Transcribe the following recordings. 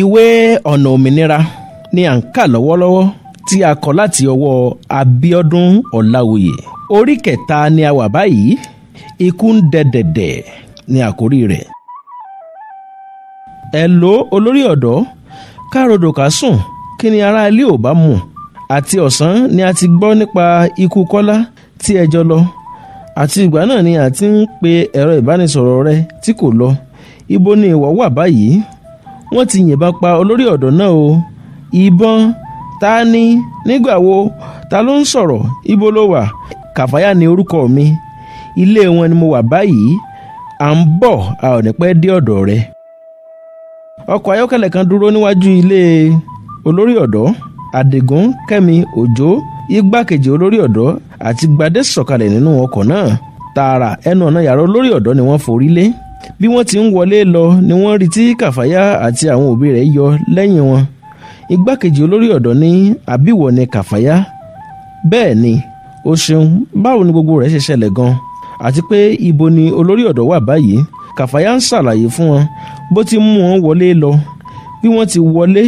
ìwé ọ̀nà òmìnira ni à ń kà lọ́wọ́lọ́wọ́ tí a kọ láti ọwọ́ Abíọ́dún Ọláoyè orí kẹta ni a wà báyìí ikú ń dẹ dẹ̀dẹ̀ ni àkórí rẹ̀. ẹ lo olórí ọ̀dọ́ károdò ká sùn kí ni ará ilé ò bá mú àti ọ̀sán ni a ti gbọ́ nípa ikú Kọ́lá tí ẹ jọ lọ àti ìgbà náà ni a ti ń pe ẹ̀rọ ìbánisọ̀rọ̀ rẹ tí kò lọ ibo ni ìwọ wà báyìí wọ́n ti yìnbọn pa olórí ọ̀dọ́ náà o ìbọn ta ni nígbà wo ta ló ń sọ̀rọ̀ ibo ló wà kàfáyà ni orúkọ mi ilé wọn ni mo wà báyìí à ń bọ̀ a ò ní pẹ́ dé ọ̀dọ̀ rẹ. ọkọ̀ ayọ́kẹ́lẹ́ kan dúró níwájú ilé olórí ọ̀dọ́ àdìgún kẹ́mi òjó igbákejì olórí ọ̀dọ́ àti gbadé sọ̀kalẹ̀ nínú ọkọ̀ náà tààrà ẹnu ọ̀nà yàrá olórí ọ̀dọ́ ni wọ́n forí lé bí wọ́n ti ń wọlé lọ ni wọ́n rí tí kàfáyà àti àwọn òbí rẹ̀ yọ lẹ́yìn wọn igbákejì olórí ọ̀dọ́ ní àbíwọ̀ ni kàfáyà bẹ́ẹ̀ ni o ṣeun báwo ni gbogbo rẹ̀ ṣe ṣẹlẹ̀ gan àti pé ibo ni olórí ọ̀dọ́ wà báyìí kàfáyà ń ṣàlàyé fún wọn bó ti mú wọn wọlé lọ bí wọ́n ti wọlé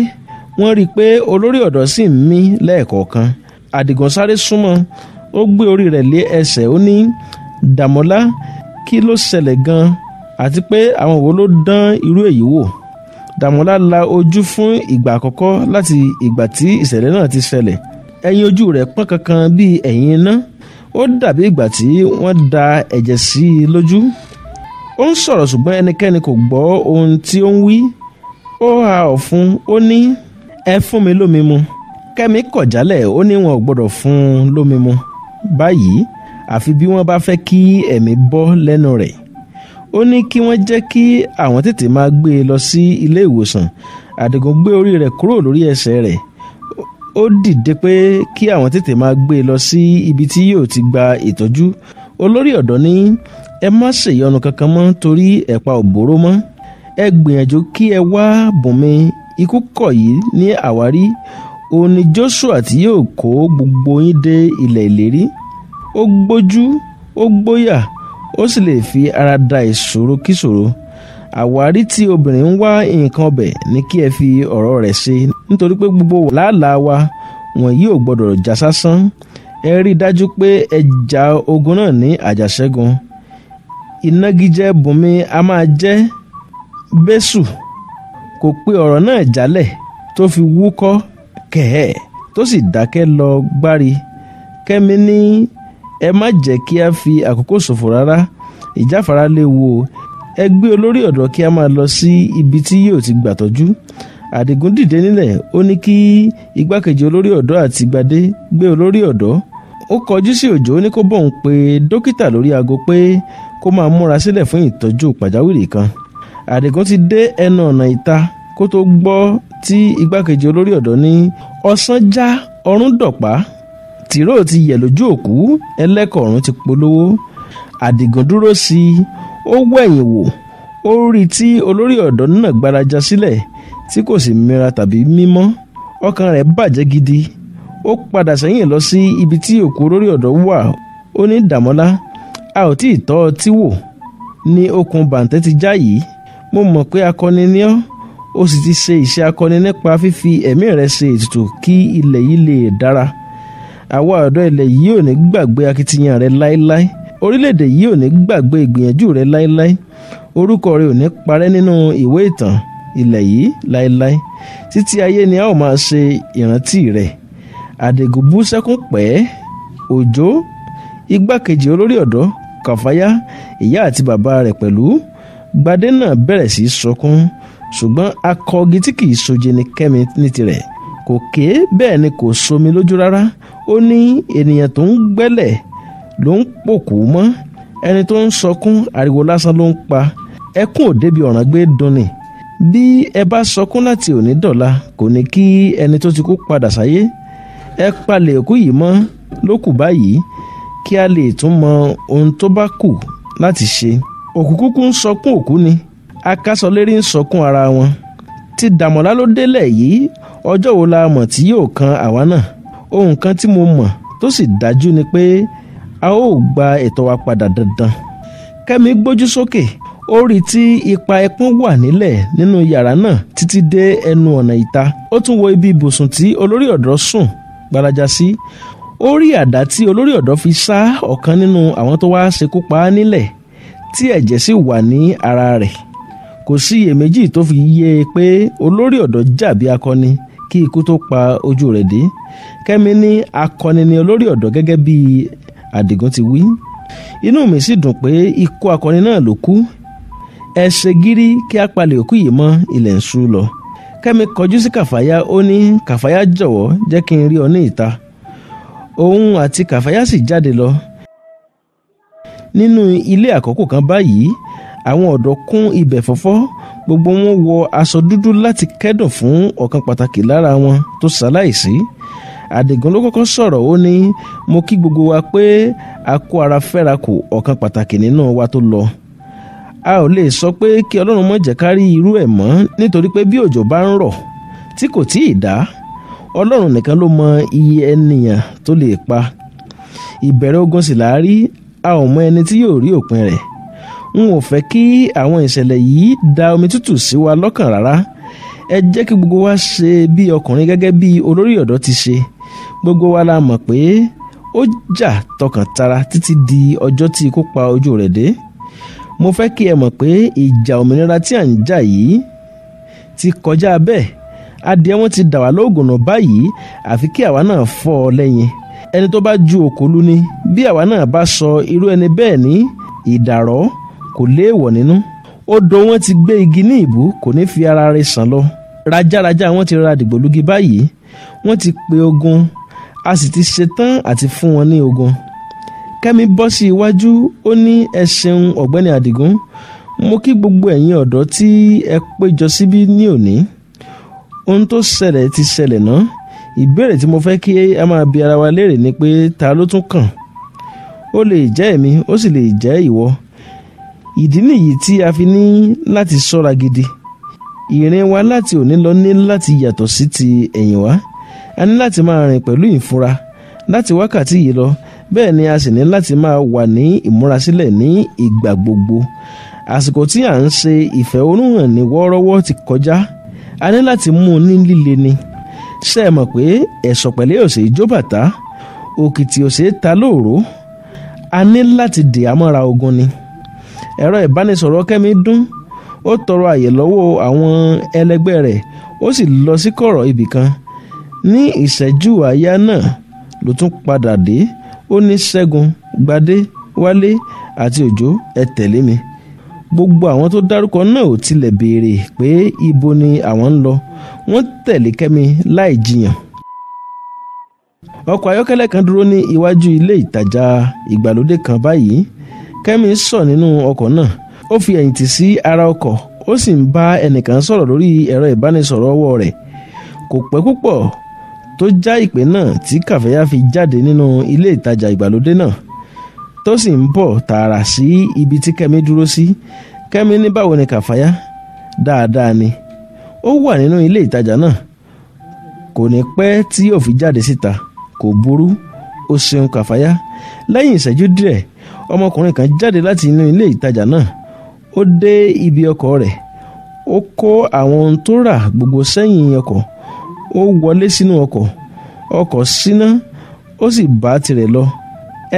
wọ́n rí i pé olórí ọ̀dọ́ sì ń mí lẹ́ẹ̀kọ̀ọ̀kan àdìgàn sáré súnmọ́ ó gbé orí rẹ̀ lé ẹsẹ̀ ó ní dàmọ́lá kí ló ṣẹlẹ̀ gan-an àti pé àwọn wo ló dán irú èyí wò Dàmọ́lá la ojú fún ìgbà àkọ́kọ́ láti ìgbà tí ìṣẹ̀lẹ̀ náà ti ṣẹlẹ̀ ẹ̀yìn ojú rẹ̀ pọ́n kankan bíi ẹ̀yìn iná ó dàbí ìgbà tí wọ́n da ẹ̀jẹ̀ sí i lójú ó ń sọ̀rọ̀ ṣùgbọ́n ẹnikẹ́ni kò gbọ́ ohun tí ó ń wí ó ha ọ̀fun ó ní ẹ fún mi lómi mu kẹ́mi kọ̀ jálẹ̀ ó ní wọn ò gbọ́dọ̀ fún un lómi mu báyìí àfi bí wọ́n bá fẹ́ kí ẹ̀mí bọ́ lẹ́nu rẹ̀ ó ní kí wọ́n jẹ́ kí àwọn tètè máa gbé e lọ sí ilé ìwòsàn àdìgún gbé orí rẹ̀ kúrò lórí ẹsẹ̀ rẹ̀ ó dìde pé kí àwọn tètè máa gbé e lọ sí ibi tí yóò ti gba ìtọ́jú olórí ọ̀dọ́ ní ẹ má ṣèyọnu kankan mọ́ torí ẹ̀pa òbóró mọ́ ẹ gbìyànjú kí ẹ wá bùnmi ikú kọ̀ yìí ní àwárí òun ni Joshua tí yóò kó gbogbo yín dé ilẹ̀ ìlérí ó gbójú ó gbóyà ó sì lè fi ara da ìṣòro kíṣòro àwárí tí obìnrin ń wá nǹkan ọbẹ̀ ní kí ẹ fi ọ̀rọ̀ rẹ̀ ṣe nítorí pé gbogbo làálàá wa wọ̀nyí ò gbọ́dọ̀ já sásán ẹ rí i dájú pé ẹ jà ogun náà ní àjàṣẹ́gun ìnagijẹ bùnmi a máa jẹ́ bẹ́sù kò pe ọ̀rọ̀ náà jálẹ̀ tó fi wúkọ́ kẹ̀ẹ́ tó sì dákẹ́ lọ gbárí kẹ́mi ní ẹ má jẹ́ kí a fi àkókò ṣòfò rárá ìjáfara léwu o ẹ gbé olórí ọ̀dọ́ kí a máa lọ sí ibi tí yóò ti gbàtọ́jú àdìgún dìde nílẹ̀ ó ní kí igbákejì olórí ọ̀dọ́ àti gbadé gbé olórí ọ̀dọ́ ó kọjú sí òjò ó ní kó bóun pe dókítà lórí aago pé kó máa múra sílẹ̀ fún ìtọ́jú pàjáwìrì kan àdìgún ti dé ẹnu ọ̀nà ìta kó tó gbọ́ tí igbákejì olórí ọ̀dọ́ ní ọ̀sán já ọrún dọ̀pá tìró ti yẹ̀ lójú òkú ẹlẹ́kọ̀ọ́rùn ti polówó àdìgàn dúró sí i ó wẹ̀yìn wò ó rí i tí olórí ọ̀dọ́ náà gbaraja sílẹ̀ tí kò sì mira tàbí mímọ́ ọkàn rẹ̀ bàjẹ́ gidi ó padà sẹ́yìn lọ sí ibi tí òkú olórí ọ̀dọ́ wà ó ní dàmọ́lá a ò tí ì tọ́ ọ tí wò ní okùn bàǹtẹ́ ti já yìí mo mọ̀ pé akọni ni ọ́ ó sì ti ṣe iṣẹ́ akọni nípa fífi ẹ̀mí rẹ̀ ṣe ètùtù kí ilẹ̀ yìí lè dára àwa ọ̀dọ́ ilẹ̀ yìí ò ní gbàgbé akitiyan rẹ láéláé orílẹ̀-èdè yìí ò ní gbàgbé ìgbìyànjú rẹ láéláé orúkọ rẹ ò ní parẹ́ nínú ìwé ìtàn ilẹ̀ yìí láéláé títí ayé ni a ó máa ṣe ìrántí rẹ àdègùn bú sẹ́kún pẹ́ òjò igbákejì olórí ọ̀dọ́ kàfáyá ìyá àti bàbá rẹ̀ pẹ̀lú gbadé náà bẹ̀rẹ̀ sí í sọkún ṣùgbọ́n akọgi tí kì í soje kẹ́mi ní tirẹ̀ kò ké bẹ́ẹ̀ ni kò somi lójú rárá ó ní ènìyàn tó ń gbẹ́lẹ̀ ló ń pòkú mọ́ ẹni tó ń sọkún ariwo lásán ló ń pa ẹkún ò débi ọ̀ràn gbé dunni bí ẹ bá sọkún láti òní dọ̀la kò ní kí ẹni tó ti kú padà sáyé ẹ palẹ̀ òkú yìí mọ́ ló báyìí kí a lè tún mọ ohun tó bá kù láti ṣe òkú ń sọkún òkú ni akásọlérí ń sọkún ara wọn ti dàmọ́lá ló délẹ̀ yìí ọjọ́ wo la mọ̀ tí yóò kan àwa náà ohun kan tí mo mọ̀ tó sì dájú ni pé a ó gba ẹ̀tọ́ wa padà dandan kẹ́mi gbójú sókè ó rí tí ipa ẹpọ́n wà nílẹ̀ nínú yàrá náà títí dé ẹnu ọ̀nà ìta ó tún wo ibi ibùsùn tí olórí ọ̀dọ́ sùn gbalaja sí ó rí àdá tí olórí ọ̀dọ́ fi sá ọ̀kan nínú àwọn tó wá ṣekú pa á nílẹ̀ tí ẹ̀jẹ̀ sì wà ní ara rẹ̀ kò sí iyèméjì tó fi yé e pé olórí ọ̀dọ́ jàbí akọni kí ikú tó pa ojú rẹ̀ dé kẹ́mi ní akọni ni olórí ọ̀dọ́ gẹ́gẹ́ bí àdìgún ti wí inú mi sì dùn pé ikú akọni náà ló kú ẹ ṣe gírí kí a palẹ̀ òkú yìí mọ́ ilẹ̀ ń ṣú lọ kẹ́mi kọjú sí kàfáyá ó ní kàfáyá jọ̀wọ́ jẹ́ kí n rí ọ ní ìta òun àti kàfáyá sì jáde lọ nínú ilé àkọ́kù kan báyìí àwọn ọ̀dọ́ kún ibẹ̀ fọ́fọ́ gbogbo wọn wọ aṣọ dúdú láti kẹ́dùn fún ọ̀kan pàtàkì lára wọn tó ṣaláìsí Adigun ló kọ́kọ́ sọ̀rọ̀ ó ní mo kí gbogbo wa pé a kó ara fẹ́ra kù ọ̀kan pàtàkì nínú wa tó lọ a ò lè sọ pé kí Ọlọ́run má jẹ́ ká irú ẹ̀ mọ́ nítorí pé bí òjò bá ń rọ̀ tí kò tí ì dá Ọlọ́run nìkan ló mọ iye ènìyàn tó lè pa ìbẹ̀rẹ̀ ogun sì là a ò mọ ẹni tí yóò rí òpin rẹ̀ n ò fẹ́ kí àwọn ìṣẹ̀lẹ̀ yìí da omi tútù sí wa lọ́kàn rárá ẹ jẹ́ kí gbogbo wa ṣe bí ọkùnrin gẹ́gẹ́ bí olórí ọ̀dọ́ ti ṣe gbogbo wa la mọ̀ pé ó jà tọkàntara títí di ọjọ́ tí ikú pa ojú rẹ̀ dé mo fẹ́ kí ẹ mọ̀ pé ìjà òmìnira tí à ń jà yìí ti kọjá bẹ́ẹ̀ adìẹ wọn ti dà wá lóògùn náà báyìí àfi kí àwa náà fọ́ ọ lẹ́yìn ẹni tó bá ju òkòlù ni bí àwa náà bá sọ irú ẹni bẹ́ẹ̀ ní ìdàrọ́ kò léèwọ̀ nínú odò wọn ti gbé igi ní ìbú kò ní fi ara rẹ̀ sàn lọ rajaraja wọn ti ra dìgbòlugi báyìí wọ́n ti pe ogun a sì ti ṣetán àti fún wọn ní ogun kẹ́mi bọ́ sí iwájú ó ní ẹ ṣeun ọ̀gbẹ́ni àdìgún mo kí gbogbo ẹ̀yin ọ̀dọ́ tí ẹ péjọ síbí ní òní ohun tó ṣẹlẹ̀ ti ṣẹlẹ̀ náà ìbéèrè tí mo fẹ́ kí a máa bi ara wa léèrè ni pé ta ló tún kàn ó lè jẹ́ èmi ó sì lè jẹ́ ìwọ ìdí nìyí tí a fi ní láti ṣọ́ra gidi ìrìn wa láti òní lọ ní láti yàtọ̀ sí ti ẹ̀yìn wá a ní láti máa rìn pẹ̀lú ìfura láti wákàtí yìí lọ bẹ́ẹ̀ ni a sì ní láti máa wà ní ìmúrasílẹ̀ ní ìgbà gbogbo àsìkò tí à ń ṣe ìfẹ̀hónúhàn ní wọ́ọ́rọ́wọ́ ti kọjá a ní láti mú un ní líle ni ṣe é mọ̀ pé ẹ̀sọ̀ pẹ̀lẹ́ òsè ìjóbàtà òkìtì òsè ta lóòró a ní láti dè á mọ́ra ogun ni ẹ̀rọ ìbánisọ̀rọ̀ kẹ́mi dún ó tọrọ àyè lọ́wọ́ àwọn ẹlẹgbẹ́ rẹ̀ ó sì lọ sí kọ̀rọ̀ ibìkan ní ìṣẹ́jú àyá náà ló tún padà dé ó ní ṣẹ́gun gbadé wálé àti òjó ẹ tẹ̀lé mi gbogbo àwọn tó dárúkọ náà ò tilẹ̀ béèrè pé ibo ni àwọn ń lọ wọ́n tẹ̀lé kẹ́mi láì jiyàn ọkọ̀ ayọ́kẹ́lẹ́ kan dúró ní iwájú ilé ìtajà ìgbàlódé kan báyìí kẹ́mi sọ̀ nínú ọkọ̀ náà ó fi ẹ̀yìntì sí ara ọkọ̀ ó sì ń bá ẹnìkan sọ̀rọ̀ lórí ẹ̀rọ ìbánisọ̀rọ̀ ọwọ́ rẹ̀ kò pẹ́ púpọ̀ tó já ìpè náà tí kàfẹ́yà fi jáde nínú ilé ìtajà ìgbàlódé náà tó sì ń bọ̀ tààrà sí ibi tí kẹ́mi dúró sí kẹ́mi ní báwo ni kàfáyà dáadáa ni ó wà nínú ilé ìtajà náà kò ní pẹ́ tí yóò fi jáde síta kò burú ó ṣeun kàfáyà lẹ́yìn ìṣẹ́jú díẹ̀ ọmọkùnrin kan jáde láti inú ilé ìtajà náà ó dé ibi ọkọ̀ rẹ̀ ó kó àwọn ohun tó rà gbogbo sẹ́yìn ọkọ̀ ó wọlé sínú ọkọ̀ ọkọ̀ síná ó sì bá tirẹ̀ lọ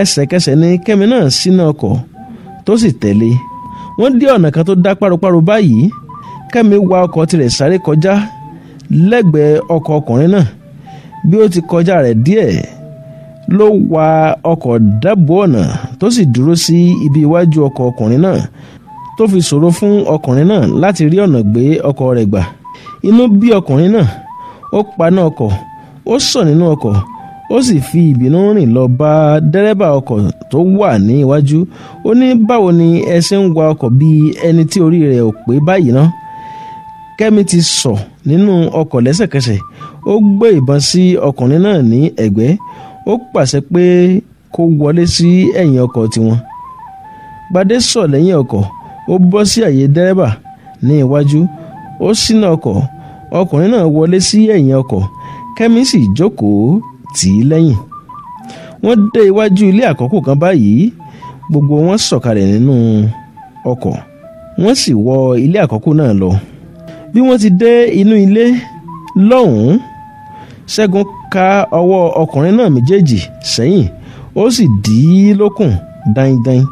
ẹsẹ̀kẹsẹ̀ ni kẹ́mi náà síná ọkọ̀ tó sì tẹ̀lé wọ́n dé ọ̀nà kan tó dá páropáro báyìí kẹ́mi wa ọkọ̀ tirẹ̀ sáré kọjá lẹ́gbẹ̀ẹ́ ọkọ̀ ọkùnrin náà bí ó ti kọjá rẹ̀ díẹ̀ ló wa ọkọ̀ dábò ọ̀nà tó sì dúró sí ibi iwájú ọkọ̀ ọkùnrin náà tó fi ṣòro fún ọkùnrin náà láti rí ọ̀nà gbé ọkọ̀ rẹ̀ gbà inú bí ọkùnrin náà ó paná ọkọ̀ ó sọ̀ nínú ọkọ̀ ó sì fi ìbínú rìn lọ bá dẹ́rẹ́bà ọkọ̀ tó wà ní iwájú ó ní báwo ni ẹ ṣe ń wa ọkọ̀ bíi ẹni tí orí rẹ̀ ò pé báyìí ná kẹ́mi ti sọ̀ nínú ọkọ̀ lẹ́sẹ̀kẹsẹ̀ ó gbé ìbọn sí ọkùnrin náà ní ẹ̀gbẹ́ ó pàṣẹ pé kó wọlé sí ẹ̀yìn ọkọ̀ tiwọn gbadé sọ̀ lẹ́yìn ọkọ̀ ó bọ́ sí àyè dẹ́rẹ́bà ní iwájú ó ṣínà ọkọ̀ ọkùnrin náà wọlé sí ẹ̀yìn ọkọ̀ kẹ́mi sì jókòó tì í lẹ́yìn wọ́n dé iwájú ilé àkọ́kù kan báyìí gbogbo wọn sọ̀kalẹ̀ nínú ọkọ̀ wọ́n sì wọ ilé àkọ́kù náà lọ bí wọ́n ti dé inú ilé lọ́hùn-ún ṣẹ́gun ka ọwọ́ ọkùnrin náà méjèèjì sẹ́yìn ó sì dì í lókùn dáindáin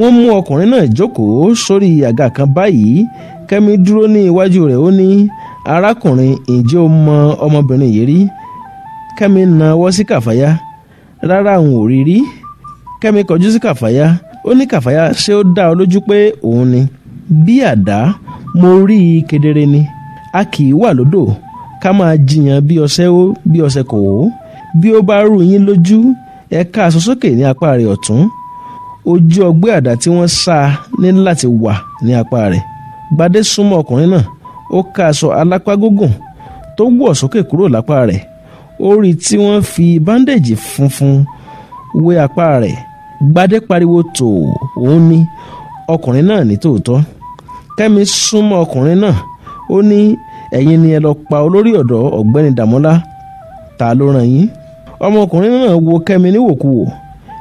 wọ́n mú ọkùnrin náà jókòó sórí àga kan báyìí Kemi dúró ní iwájú rẹ̀ ó ní arákùnrin ǹjẹ́ o mọ ọmọbìnrin yìí rí kẹ́mi nawọ́ sí kàfáyá rárá n ò rí rí Kafaya kọjú sí Kafaya ó ní da ṣé ó dá ọ lójú pé òun ni bí àdá mo rí i kedere ni a kì í wà lódò ká máa jiyàn bí ọṣẹ ó bí ọsẹ kò ó bí ó bá rú yín lójú ẹ̀ka àsọsókè ní apá rẹ̀ ọ̀tún ojú ọgbẹ́ àdá tí wọ́n sá a ní láti wà ní apá rẹ̀ gbadé súnmọ́ ọkùnrin náà ó ká aṣọ alápágógùn tó wọ̀ sókè kúrò lápá rẹ̀ ó rí tí wọ́n fi báńdẹ̀jì funfun wé apá rẹ̀ gbadé pariwo tò òun ni ọkùnrin náà ní tòótọ́ kẹ́mi súnmọ́ ọkùnrin náà ó ní ẹ̀yin ni ẹ lọ pa olórí ọ̀dọ́ ọ̀gbẹ́ni dàmọ́lá ta ló rán yín ọmọkùnrin náà wo kẹ́mi níwòkuwò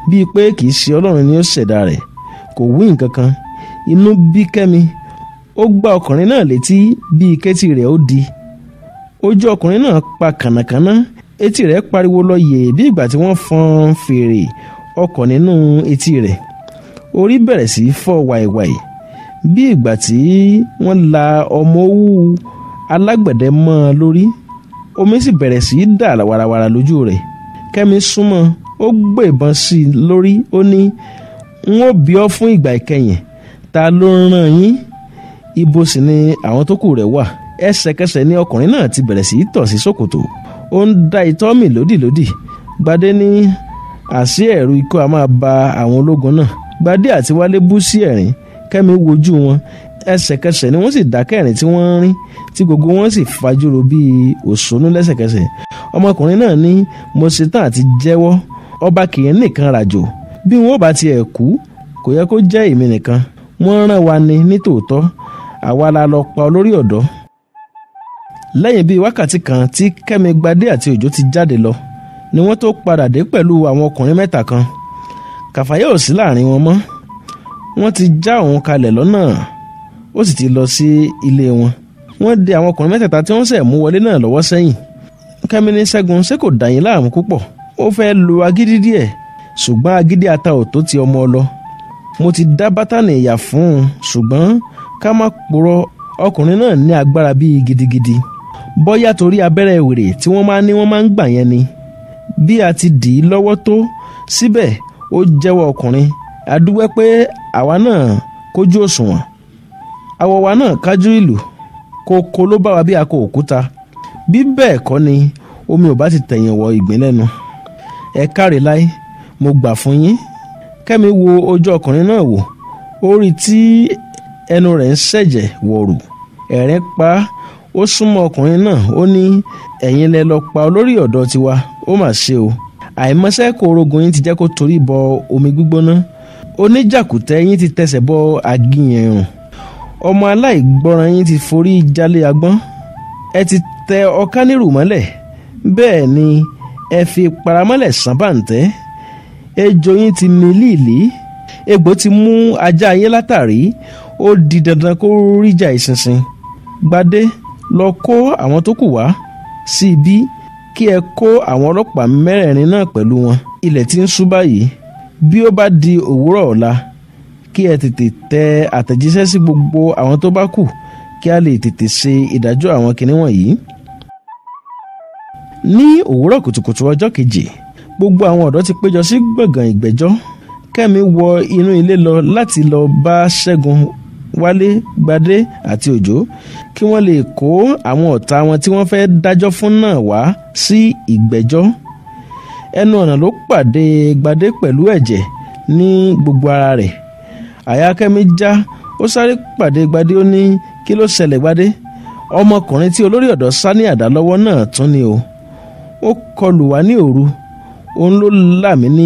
bíi pé kì ṣe ọlọ́run ni ó ṣẹ̀dá rẹ̀ kò wí nǹkan kan inú bí kẹ́mi ó gbá ọkùnrin náà létí bíi kétí rẹ̀ ó di ojú ọkùnrin náà pa kànàkànà etí rẹ̀ pariwo lọ yèé bí ìgbà tí wọ́n fọn fèrè ọkọ̀ nínú etí rẹ̀ orí bẹ̀rẹ̀ sí fọ́ wàìwàì bí ìgbà tí wọ́n la ọmọ owó alágbẹ̀dẹ mọ́ ọ lórí omi sì bẹ̀rẹ̀ sí í dà wàràwàrà lójú rẹ̀ kẹ́mi súnmọ́ ó gbébọn sí i lórí ó ní n ó bí ọ fún ìgbà ìkẹyìn ta ló ń rán yín ibo sì ni àwọn tó kù rẹ̀ wà ẹsẹ̀kẹsẹ̀ ni ọkùnrin náà ti bẹ̀rẹ̀ sí í tọ̀ sí ṣòkòtò ó ń da itọ́ mì lódìlódì gbadé ní àṣé ẹ̀rù ikọ́ a máa ba àwọn ológun náà gbadé àti wálé bú sí ẹ̀rín kẹ́mi wojú wọn ẹsẹ̀kẹsẹ̀ ni wọ́n sì dákẹ́ ẹ̀rín tí wọ́n ń rín tí gbogbo wọn sì fajúro bíi òṣónú lẹ́sẹ̀kẹsẹ̀ ọmọkùnrin náà ní mo ṣetán àti jẹ́wọ́ ọba kìí nìkan ràjò bí wọn ò bá tiẹ̀ kú kò yẹ kó jẹ́ èmi nìkan wọ́n rán wa ni nítòótọ́ àwa la lọ pa olórí ọ̀dọ́ lẹ́yìn bíi wákàtí kan tí kẹ́mi gbadé àti òjò ti jáde lọ ni wọ́n tó padà dé pẹ̀lú àwọn ọkùnrin mẹ́ta kan kàfáyé ò sí láàrin wọn mọ́ wọ́n ti já òun kalẹ̀ lọ́nà ó sì ti lọ sí ilé wọn wọ́n de àwọn ọkùnrin mẹ́tẹ̀ẹ̀ta tí wọ́n ṣẹ̀ mú wọlé náà lọ́wọ́ sẹ́yìn kẹ́míní ṣẹ́gun ṣé kò dà yín láàmú púpọ̀ ó fẹ́ lo agídí díẹ̀ ṣùgbọ́n agídí ata ò tó ti ọmọ lọ mo ti dá bátànì ìyà fún un ṣùgbọ́n ká má purọ́ ọkùnrin náà ní agbára bíi gidigidi bọ́yá torí abẹ́rẹ́ wèrè tí wọ́n máa ní wọ́n máa ń gbà yẹn ni bí a ti dì í lọ́wọ́ tó síbẹ̀ ó jẹ́wọ́ ọkùnrin a pé àwa náà kójú òṣùwọ̀n àwọ̀ wa náà kájú ìlú kókó ló bá wa bí akọ òkúta bí bẹ́ẹ̀ kọ́ ni omi ò bá ti tẹ̀yìn wọ ìgbín lẹ́nu ẹ káre láé mo gbà fún yín kẹ́mi wo ojú ọkùnrin náà wò ó rí tí ẹnu rẹ̀ ń ṣẹ̀jẹ̀ wọ̀rù ẹ̀rín pa ó súnmọ́ ọkùnrin náà ó ní ẹ̀yin lẹ lọ pa olórí ọ̀dọ́ tiwa ó mà ṣe o àìmọṣẹ́ kò rogun yín ti jẹ́ kó torí bọ omi gbígbóná oníjàkútẹ́ yín ti tẹsẹ̀ bọ àgìyàn ẹ̀rùn ọmọ aláìgbọràn yín ti forí jalè agbọ́n ẹ ti tẹ ọkánírù mọ́lẹ̀ bẹ́ẹ̀ ni ẹ fi paramọ́lẹ̀ sán bàǹtẹ́ ejò yín ti ní líìlí egbò ti mú ajá yín látàrí ó di dandan kó ríjà ìsinsin gbadé lọ kó àwọn tó kù wá sí ibi kí ẹ kó àwọn ọlọ́pàá mẹ́rẹ̀ẹ̀rin náà pẹ̀lú wọn ilẹ̀ ti ń ṣú báyìí bí ó bá di òwúrọ̀ ọ̀la kí ẹ tètè tẹ àtẹ̀jíṣẹ́ sí gbogbo àwọn tó bá kù kí a lè tètè ṣe ìdájọ́ àwọn kinní wọ̀nyí. ní òwúrọ̀ kùtùkùtù ọjọ́ keje gbogbo àwọn ọ̀dọ́ ti péjọ sí gbọ̀ngàn ìgbẹ́jọ́ kẹ́mi wọ inú ilé lọ láti lọ bá ṣẹ́gun wálé gbadé àti òjó kí wọ́n lè kó àwọn ọ̀tá wọn tí wọ́n fẹ́ dájọ́ fún náà wá sí ìgbẹ́jọ́ ẹnu ọ̀nà ló pàdé gbadé pẹ̀lú ẹ̀jẹ̀ ní gbogbo ara rẹ̀ àyà Kẹ́mi já ó sáré pàdé Gbadé ó ní kí ló ṣẹlẹ̀ Gbadé ọmọkùnrin tí olórí ọ̀dọ́ sá ní àdá lọ́wọ́ náà tún ni o ó kọlù wá ní òru òun ló là mí ní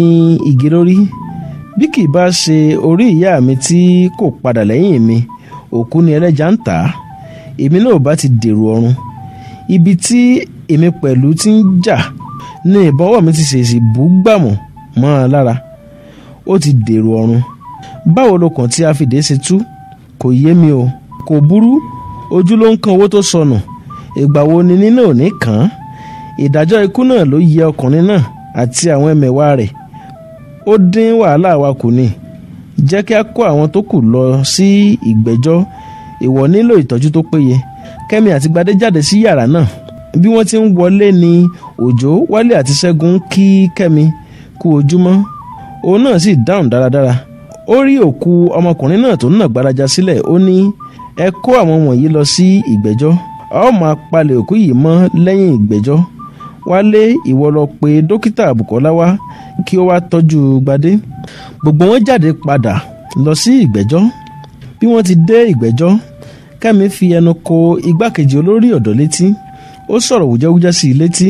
igi lórí bí kì í bá ṣe orí ìyá mi tí kò padà lẹ́yìn mi òkú ni ẹlẹ́ja ń tà á èmi náà bá ti dèrò ọ̀run ibi tí èmi pẹ̀lú ti ń jà ni ìbọwọ́ mi ti ṣèṣì bú gbàmù mọ́ ọ lára ó ti dèrò ọ̀run báwo lo kàn tí a fìdí ṣe tú kò yé mi o kò burú ojú ló ń kan owó tó sọnù ìgbà wo ni nínú òní kàn án ìdájọ́ ikú náà ló yẹ ọkùnrin náà àti àwọn ẹmẹ̀wà rẹ̀ ó dín wàhálà wa kù ni jẹ́ kí a kó àwọn tó kù lọ sí ìgbẹ́jọ́ ìwọ nílò ìtọ́jú tó péye kẹ́mi àti gbadé jáde sí yàrá náà bí wọ́n ti ń wọlé ni òjò wálé àti ṣẹ́gun kí kẹ́mi kú ojúmọ́ òun náà sì dáhùn dáradára. Dára ó rí òkú ọmọkùnrin náà tó ń nà gbaraja sílẹ̀ ó ní ẹ kó àwọn wọ̀nyí lọ sí ìgbẹ́jọ́ a ó máa palẹ̀ òkú yìí mọ́ lẹ́yìn ìgbẹ́jọ́ wálé ìwọ lọ pé dókítà Bùkọ́lá wá kí ó wá tọ́jú Gbadé gbogbo wọn jáde padà lọ sí ìgbẹ́jọ́ bí wọ́n ti dé ìgbẹ́jọ́ Kẹ́mi fi ẹnu ko igbákejì olórí ọ̀dọ́ létí ó sọ̀rọ̀ wùjẹ́wùjẹ́ sí i létí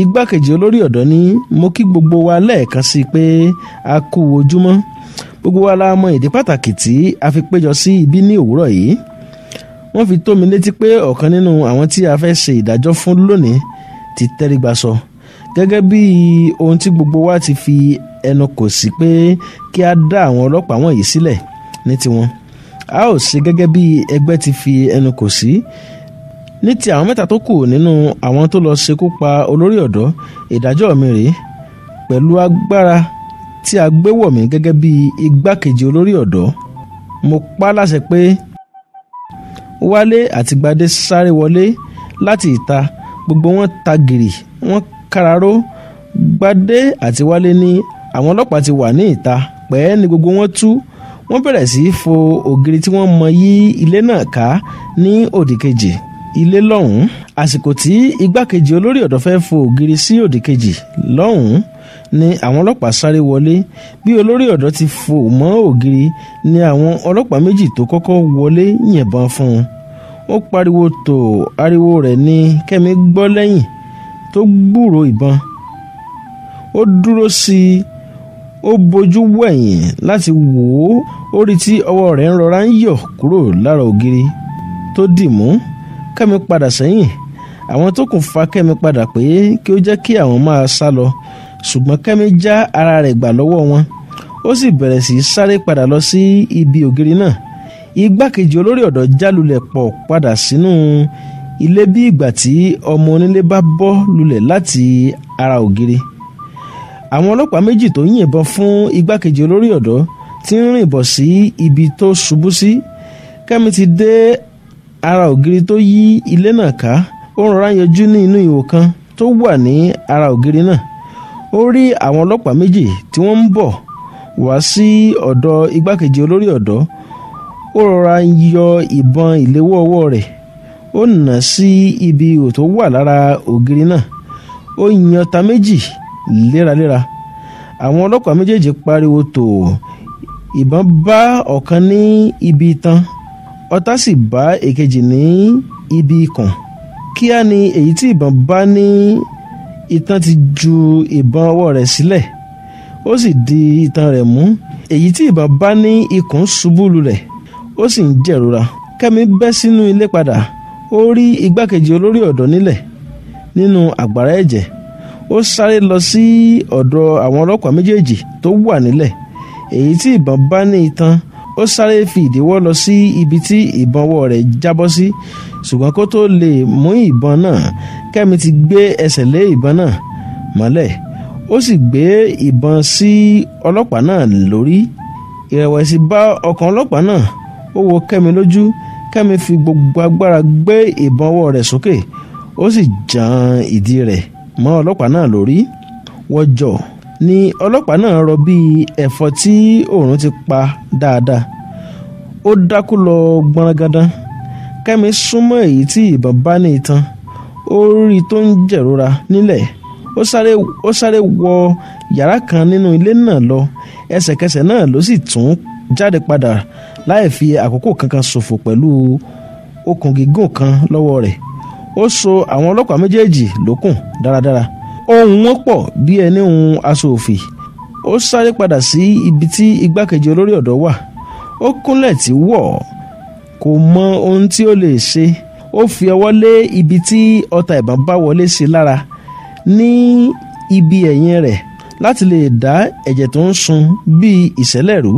igbákejì olórí ọ̀dọ́ ní mo kí gbogbo wa lẹ́ẹ̀kan sí i pé a kú ojúmọ́ gbogbo wa la mọ ìdí pàtàkì tí a fi péjọ sí ibi ní òwúrọ̀ yìí wọ́n fi tó mi létí pé ọ̀kan nínú àwọn tí a fẹ́ ṣe ìdájọ́ fún lónìí ti tẹ́rígba sọ gẹ́gẹ́ bí ohun tí gbogbo wa ti fi ẹnu kò sí pé kí a dá àwọn ọlọ́pàá wọ̀nyí sílẹ̀ ní tiwọn a ó ṣe gẹ́gẹ́ bí ẹgbẹ́ ti fi ẹnu kò sí ní ti àwọn mẹ́ta tó kù nínú àwọn tó lọ ṣekú pa olórí ọ̀dọ́ ìdájọ́ mi rèé pẹ̀lú agbára tí a gbé wọ̀ mí gẹ́gẹ́ bí igbákejì olórí ọ̀dọ́ mo pa láṣẹ pé wálé àti gbadé sáré wọlé láti ìta gbogbo wọn ta gìrì wọn káraró gbadé àti wálé ní àwọn ọlọ́pàá ti wà ní ìta pẹ́ẹ́ ni gbogbo wọn tú wọ́n bẹ̀rẹ̀ sí í fo ògiri tí wọ́n mọ yí ilé náà ká ní òdì kejì ilé lọ́hùn-ún àsìkò tí igbákejì olórí ọ̀dọ́ fẹ́ fo ògiri sí òdì kejì lọ́hùn-ún ni àwọn ọlọ́pàá sáré wọlé bí olórí ọ̀dọ́ ti fò mọ́ ògiri ni àwọn ọlọ́pàá méjì tó kọ́kọ́ wọlé yìnbọn fún un ó pariwo tó ariwo rẹ̀ ní kẹ́mi gbọ́ lẹ́yìn tó gbúrò ìbọn ó dúró sí i ó bojú wẹ̀yìn láti wò ó ó rí tí ọwọ́ rẹ̀ ń rọra ń yọ̀ kúrò lára ògiri tó dì mú kẹ́mi padà sẹ́yìn àwọn tó kù fa kẹ́mi padà pé kí ó jẹ́ kí àwọn máa sá lọ ṣùgbọ́n kẹ́mi já ara rẹ̀ gbà lọ́wọ́ wọn ó sì bẹ̀rẹ̀ sí í sáré padà lọ sí ibi ògiri náà igbákejì olórí ọ̀dọ́ já lulẹ̀ pọ̀ padà sínú ilé bí ìgbà tí ọmọ onílé bá bọ́ lulẹ̀ láti ara ògiri àwọn ọlọ́pàá méjì tó ń yìnbọn fún igbákejì olórí ọ̀dọ́ ti ń rìn sí ibi tó ṣubú sí kẹ́mi ti dé ara ògiri tó yí ilé náà ká ó rọra yọjú ní inú ihò kan tó wà ní ara ògiri náà ó rí àwọn ọlọ́pàá méjì tí wọ́n ń bọ̀ wá sí ọ̀dọ̀ igbákejì olórí ọ̀dọ́ ó rọra yọ ìbọn ìléwọ́ ọwọ́ rẹ̀ ó nà sí ibi ihò tó wà lára ògiri náà ó yan ta méjì léraléra àwọn ọlọ́pàá méjèèjì pariwo tò ìbọn bá ọ̀kan ní ibi itan ọ̀tá sì bá èkejì ní ibi ikùn kíá ni èyí tí ìbọn bá ní itan ti ju ìbọn ọwọ́ rẹ̀ sílẹ̀ ó sì di itan rẹ̀ mú èyí tí ìbọn bá ní ikùn ṣubú lulẹ̀ ó sì ń jẹ̀rora kẹ́mi bẹ́ sínú ilé padà ó rí igbákejì olórí ọ̀dọ́ nílẹ̀ nínú àgbàrá ẹ̀jẹ̀ ó sáré lọ sí ọ̀dọ̀ àwọn ọlọ́pàá méjèèjì tó wà nílẹ̀ èyí tí ìbọn bá ní itan ó sáré fi ìdíwọ́ lọ sí ibi tí ìbọn ọwọ́ rẹ̀ jábọ́ sí ṣùgbọ́n kó tó lè mú ìbọn náà kẹ́mi ti gbé ẹsẹ̀ lé ìbọn náà mọ́lẹ̀ ó sì gbé ìbọn sí ọlọ́pàá náà lórí ìrẹ̀wẹ̀sì bá ọkàn ọlọ́pàá náà ó wo kẹ́mi lójú kẹ́mi fi gbogbo agbára gbé ìbọn ọwọ́ rẹ̀ sókè ó sì jan ìdí rẹ̀ mọ́ ọlọ́pàá náà lórí wọ́jọ́ ni ọlọ́pàá náà rọ bí ẹ̀fọ́ tí oòrùn ti pa dáadáa ó dákú lọ gbọ́nrangandan kẹ́mi súnmọ́ èyí tí ìbọn bá ní itan ó rí i tó ń jẹ̀rora nílẹ̀ ó sáré ó sáré wọ yàrá kan nínú ilé náà lọ ẹsẹ̀kẹsẹ̀ náà ló sì tún jáde padà láì fi àkókò kankan ṣòfò pẹ̀lú okùn gígùn kan lọ́wọ́ rẹ̀ ó so àwọn ọlọ́pàá méjèèjì lókùn dáradára ohùn wọn pọ̀ bí ẹni hun aṣọ òfì ó sáré padà sí ibi tí igbákejì olórí ọ̀dọ́ wà ó kúnlẹ̀ tí wọ̀ kò mọ ohun tí ó lè ṣe ó fi ọwọ́ lé ibi tí ọta ìbọn bá wọlé sí lára ní ibi ẹ̀yìn rẹ̀ láti lè dá ẹ̀jẹ̀ tó ń sun bíi ìṣẹ̀lẹ̀ rú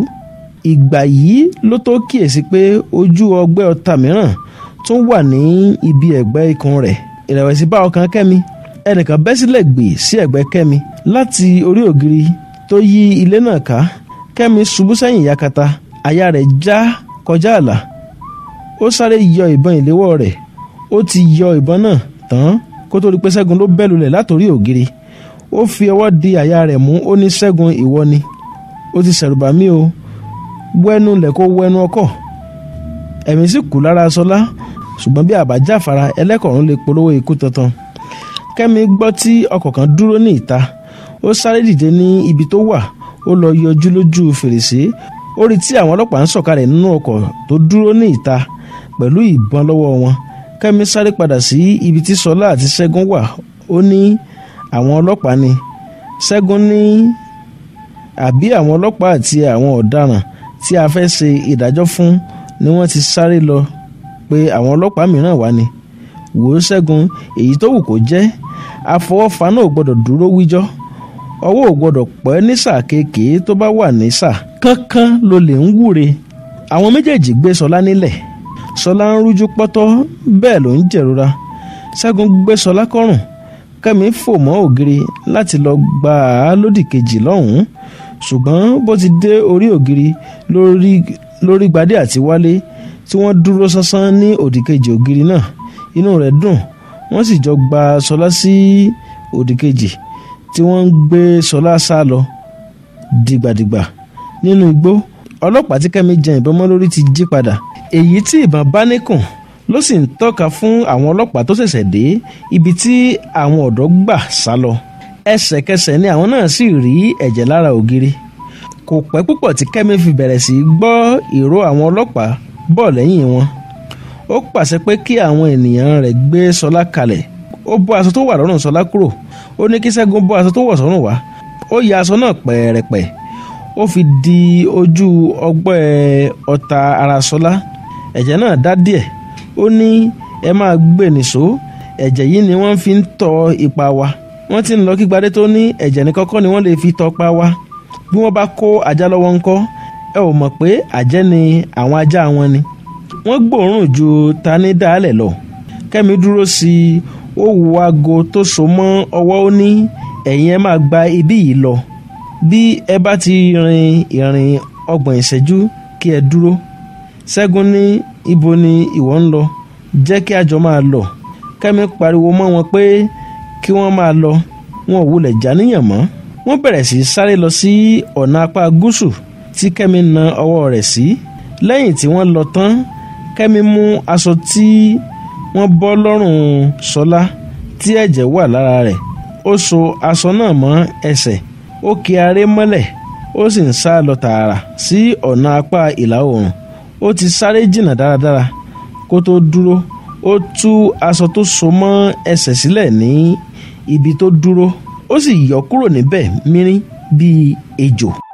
ìgbà yìí ló tó kíyèsí pé ojú ọgbẹ́ ọta mìíràn tún wà ní ibi ẹ̀gbẹ́ ikùn rẹ̀ ìrẹ̀wẹ̀sì bá ọkàn kẹ́mi ẹnìkan bẹ́ sílẹ̀ gbè sí ẹ̀gbẹ́ kẹ́mi láti orí ògiri tó yí ilé náà ká kẹ́mi ṣubú sẹ́yìn yakata àyà rẹ̀ já kọjá àlà ó sáré yọ ìbọn ìléwọ́ rẹ̀ ó ti yọ ìbọn náà tán kó tó di pé ṣẹ́gun ló bẹ́ lulẹ̀ látòrí ògiri ó fi ọwọ́ di àyà rẹ̀ mú ó ní ṣẹ́gun ìwọ ni ó ti ṣẹ̀rùbà mí o wẹ́nu lẹ̀ kó wẹ́nu ọkọ̀ ẹ̀mí sì kù lára sọlá ṣùgbọ́n bí àbájáfara ẹlẹ́kọ̀ọ́rún lè polówó ikú tuntun kẹ́mi gbọ́ tí ọkọ̀ kan dúró ní ìta ó sáré dìde ní ibi tó wà ó lọ yọjú lójú fèrèsé ó rí tí àwọn ọlọ́pàá ń sọ̀kalẹ̀ nínú ọkọ̀ tó dúró ní ìta pẹ̀lú ìbọn lọ́wọ́ wọn kẹ́mi sáré padà sí ibi tí sọlá àti ṣẹ́gun wà ó ní àwọn ọlọ́pàá ni ṣẹ́gun ní àbí àwọn ọlọ́pàá àti àwọn ọ̀daràn tí a fẹ́ ṣe ìdájọ́ fún ni wọ́n ti sáré lọ pé àwọn ọlọ́pàá mìíràn wà ni wò ó ṣẹ́gun èyí tó wù kó jẹ́ àfọwọ́fà náà ò gbọ́dọ̀ dúró wíjọ́ ọwọ́ ò gbọ́dọ̀ pẹ́ ní sáà kéèké tó bá wà ní sáà kánkán ló lè ń wúre àwọn méjèèjì gbé sọlá nílẹ̀ ṣọlá ń rújú pọ́tọ́ bẹ́ẹ̀ ló ń jẹ̀rora ṣẹ́gun gbé ṣọlá kọ́rùn kẹ́mi fò mọ́ ògiri láti lọ gbà á lódì kejì lọ́hùn-ún ṣùgbọ́n bó ti dé orí ògiri lórí gbadé àti wálé tí wọ́n dúró sánsán ní òdì kejì ògiri náà inú rẹ̀ dùn wọ́n sì jọ gba ṣọlá sí òdì kejì tí wọ́n ń gbé ṣọlá sá lọ dìgbàdìgbà nínú igbó ọlọ́pàá tí kẹ́mi jẹ ìbọn mọ́ lórí ti jí padà èyí tí ìbọn bá níkùn ló sì ń tọ́ka fún àwọn ọlọ́pàá tó ṣẹ̀ṣẹ̀ dé ibi tí àwọn ọ̀dọ́ gbà sá lọ ẹsẹ̀kẹsẹ̀ ni àwọn náà sì rí ẹ̀jẹ̀ lára ògiri kò pẹ́ púpọ̀ tí kẹ́mi fi bẹ̀rẹ̀ sí í gbọ́ ìró àwọn ọlọ́pàá bọ̀ lẹ́yìn wọn ó pàṣẹ pé kí àwọn ènìyàn rẹ̀ gbé sọlá kalẹ̀ ó bọ́ aṣọ tó wà lọ́rùn sọlá kúrò ó ní kí ṣẹ́gun bọ́ aṣọ tó wọ̀ sọ́rùn wá ó ya aṣọ náà pẹ̀rẹ̀pẹ̀ ó fi di ojú ọgbẹ́ ọta ara sọlá ẹ̀jẹ̀ náà dá díẹ̀ ó ní ẹ máa gbé e nìṣó ẹ̀jẹ̀ yìí ni wọ́n fi ń tọ ipa wa wọ́n ti ń lọ kígbadé tó ní ẹ̀jẹ̀ ní kọ́kọ́ ni wọ́n lè fi tọ pa wa bí wọ́n bá kó ajá lọ́wọ́ ńkọ́ ẹ ò mọ̀ pé àjẹ́ ni àwọn ajá wọn ni wọ́n gbòòrùn ju tani dálẹ̀ lọ kẹ́mi dúró sí i ó wo aago tó so mọ́ ọwọ́ ó ní ẹ̀yin ẹ máa gba ibí yìí lọ bí ẹ bá ti rin ìrìn ọgbọ̀n ìṣẹ́jú kí ẹ dúró ṣẹ́gun ní ibo ni ìwọ ń lọ jẹ́ kí àjọ máa lọ kẹ́mi pariwo mọ́ wọn pé kí wọ́n máa lọ wọn ò wulẹ̀ jáníyàn mọ́ wọ́n bẹ̀rẹ̀ sí sáré lọ sí ọ̀nà apá gúúsù tí kẹ́mi na ọwọ́ rẹ̀ sí lẹ́yìn tí wọ́n lọ tán kẹ́mi mú aṣọ tí wọ́n bọ́ lọ́rùn sọlá tí ẹ̀jẹ̀ wà lára rẹ̀ ó so aṣọ náà mọ́ ẹsẹ̀ ó ki aré mọ́lẹ̀ ó sì ń sá lọ tààrà sí ọ̀nà apá ìlà oòrùn ó ti sáré jìnnà dáradára kó tó dúró ó tú aṣọ tó so mọ́ ẹsẹ̀ sílẹ̀ ní ibi tó dúró ó sì yọ kúrò níbẹ̀ mírín bíi ejò.